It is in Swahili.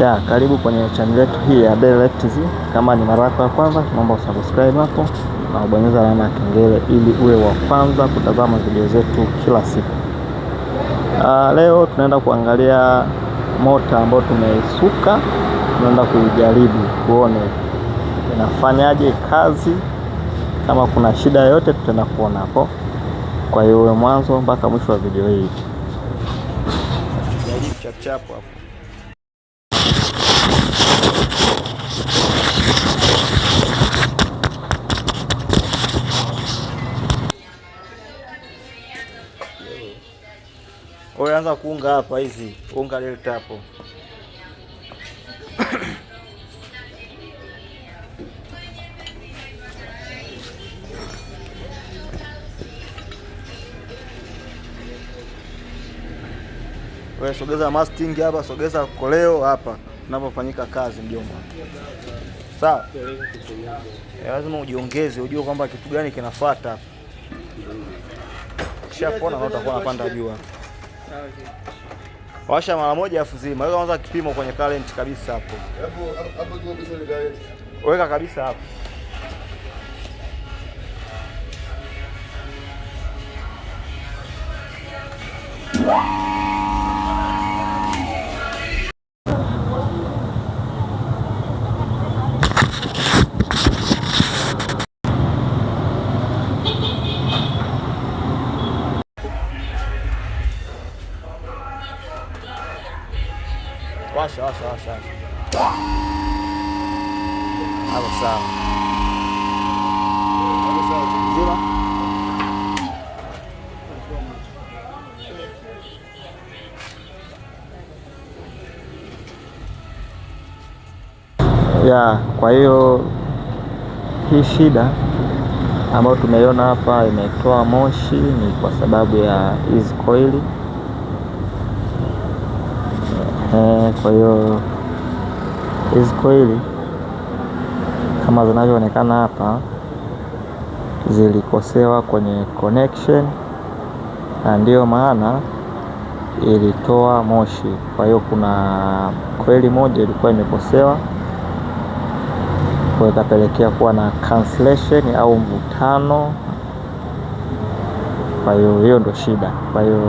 Ya, karibu kwenye channel yetu hii ya Daily Life TV. Kama ni mara yako ya kwanza, naomba usubscribe hapo na ubonyeza alama ya kengele ili uwe wa kwanza kutazama video zetu kila siku. Uh, leo tunaenda kuangalia mota ambayo tumeisuka, tunaenda kuijaribu kuone inafanyaje kazi, kama kuna shida yoyote tutaenda kuona hapo. Kwa hiyo uwe mwanzo mpaka mwisho wa video hii. Jaribu chapchapu hapo. Wewe anza kuunga hapa hizi unga delta tapo. Wewe sogeza masting hapa, sogeza koleo hapa, unapofanyika kazi mjomba. Sawa, lazima ujiongeze, ujue kwamba kitu gani kinafuata hapa ukishapona na utakuwa unapanda jua. Washa mara moja afu zima. Weka kwanza kipimo kwenye current kabisa hapo. Hapo hapo Weka kabisa hapo. Wow. Washa, washa, washa, washa. Hapo sawa. Hapo sawa mzima. Ya, kwa hiyo hii shida ambayo tumeiona hapa imetoa moshi ni kwa sababu ya hizi koili Eh, kwa hiyo hizi koili kama zinavyoonekana hapa zilikosewa kwenye connection na ndiyo maana ilitoa moshi. Kwa hiyo kuna kweli moja ilikuwa imekosewa, kwa ikapelekea kuwa na cancellation au mvutano. Kwa hiyo hiyo ndio shida. Kwa hiyo